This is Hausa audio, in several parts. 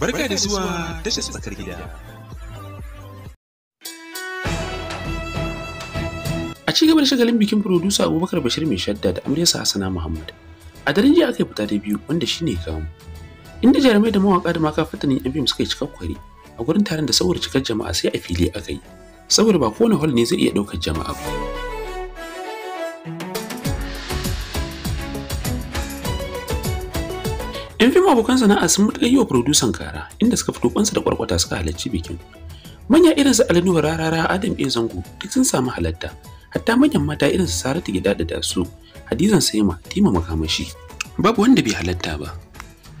Barka da zuwa tashar tsakar gida. A ci gaba da shagalin bikin furodusa Abubakar Bashir mai shadda da amaryarsa Hassana Muhammad. A daren jiya aka yi fita da biyu wanda shi ne kamu. Inda jarumai da mawaka da maka fitanin yan fim suka yi cikakkuri a gurin taron da saboda cikar jama'a sai a fili aka yi. Saboda ba kowane hall ne zai iya ɗaukar jama'a ba. 'yan fim abokan sana'a sun mutu wa produsan kara inda suka fito kwansa da kwarkwata suka halarci bikin manya irin su alinu rarara adam a zango duk sun samu halatta hatta manyan mata irin su saratu gida da dasu hadizan saima tima makamashi babu wanda bai halatta ba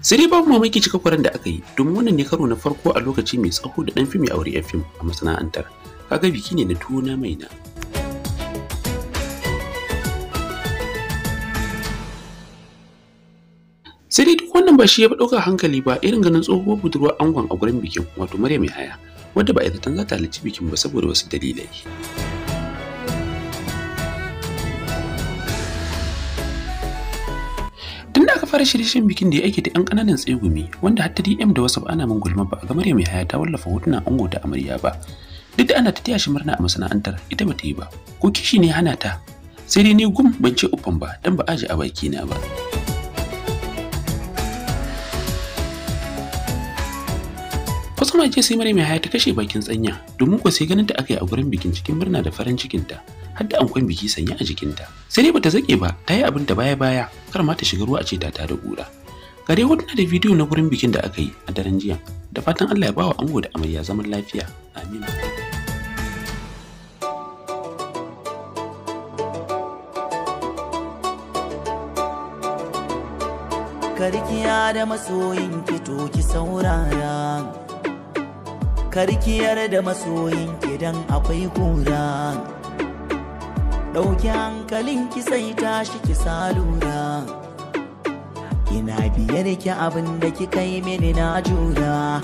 sai dai babu mamaki cika kwaran da aka yi domin wannan ne karo na farko a lokaci mai tsaho da dan fim ya aure yan fim a masana'antar kaga biki ne na mai na sai dai duk wannan ba shi ya fi ɗaukar hankali ba irin ganin tsohuwar budurwar angon a gurin bikin wato maryam haya. wadda ba aikatan za ta halarci bikin ba saboda wasu dalilai tun da aka fara shirye-shiryen bikin da ya aike da 'yan ƙananan tsegumi wanda hatta dm da wasu ba ana min gulma ba ga maryam yaya ta wallafa hotunan ango da amarya ba duk da ana ta taya shi murna a masana'antar ita ba ta yi ba ko kishi ne hana ta sai dai ni gum ban ce uban ba dan ba aje a baki na ba kuma ce sai mare mai haya ta kashe bakin tsanya domin ko sai ganin ta aka yi a gurin bikin cikin murna da farin cikin ta har da ankon biki sanya a jikinta sai dai bata zake ba ta yi abin da baya baya kar ma ta shiga ruwa a ce ta tada kura gare hotuna da bidiyo na gurin bikin da aka yi a daren jiya da fatan Allah ya bawa ango da amarya zaman lafiya amin karkiya da masoyin ki saurara karkiyar da masoyin kidan akwai kura ɗauki hankalin ki sai tashi ki lura. ina biyar ki abin da ki kai mini na jura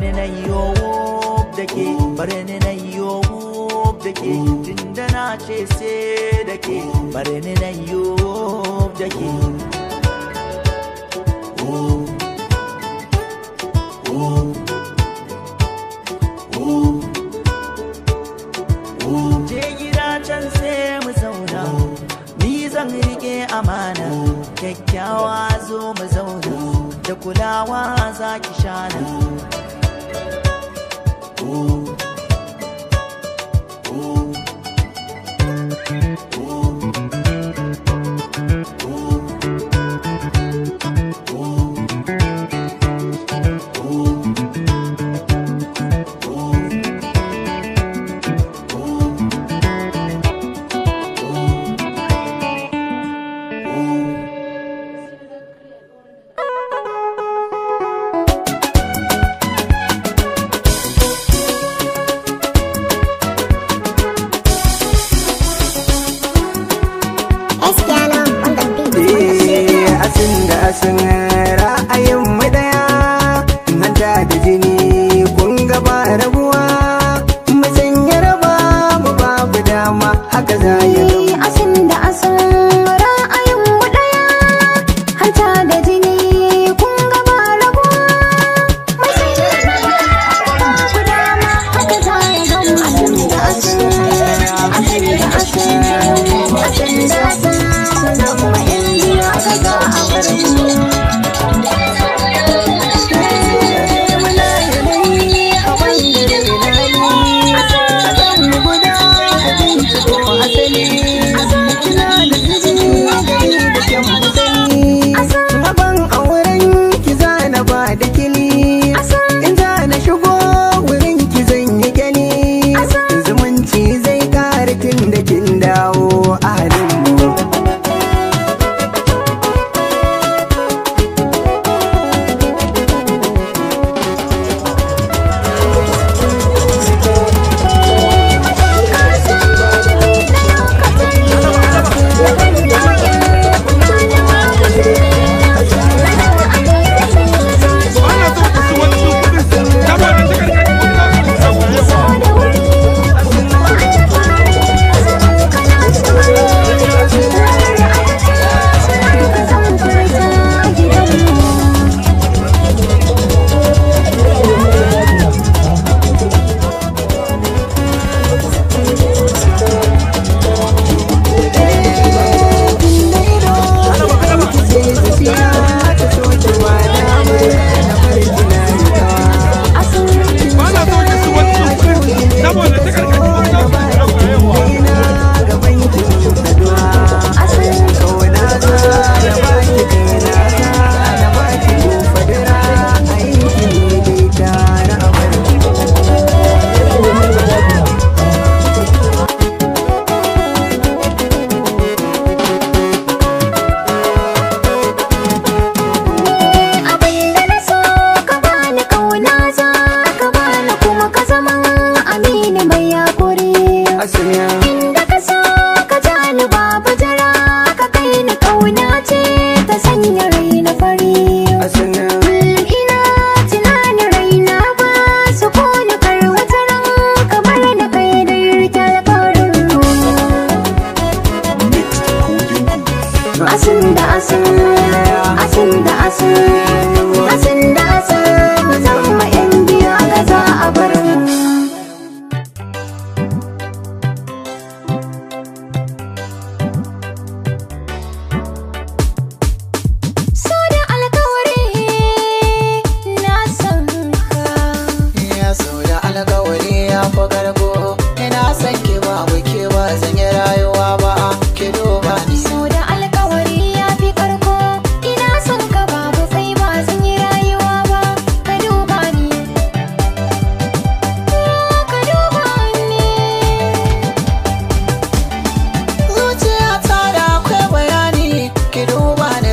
ni na yo da ke ni na yo da ke tunda na ce sai da ke ni na yo da ke kyakkyawa zo mu zauna da kulawa za ki shana. dama haka za ya gama eh, asin da asin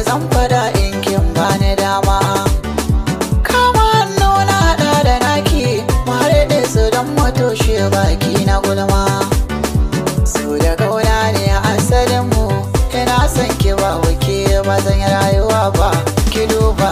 zan fada in kin bani dama kama hannu na da naki mare da su don matoshe baki na gulma su da kauna ne a asalin mu ina son ki ba wake ba zan rayuwa ba ki duba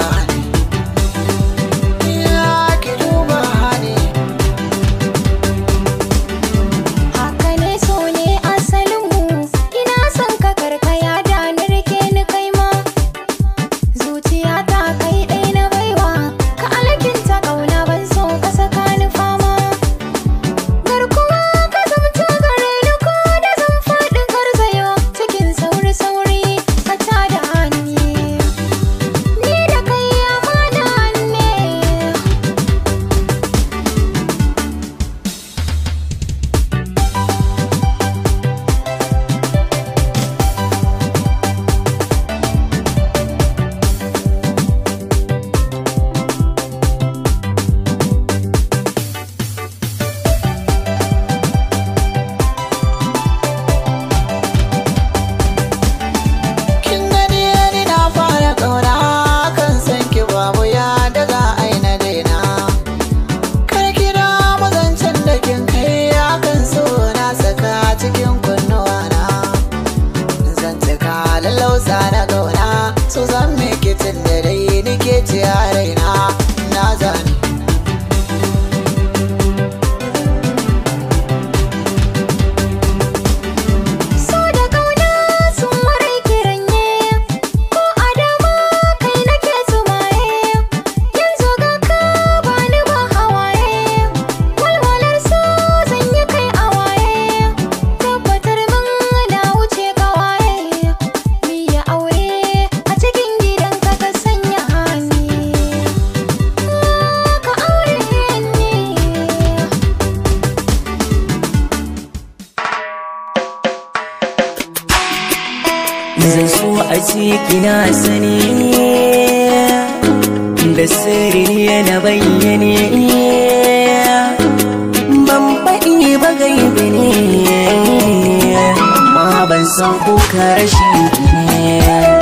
titin da dai nike ci a raina a ciki na sani da sirri na bayyane ban faɗi ba gaibe ne ma ban san kuka rashin ne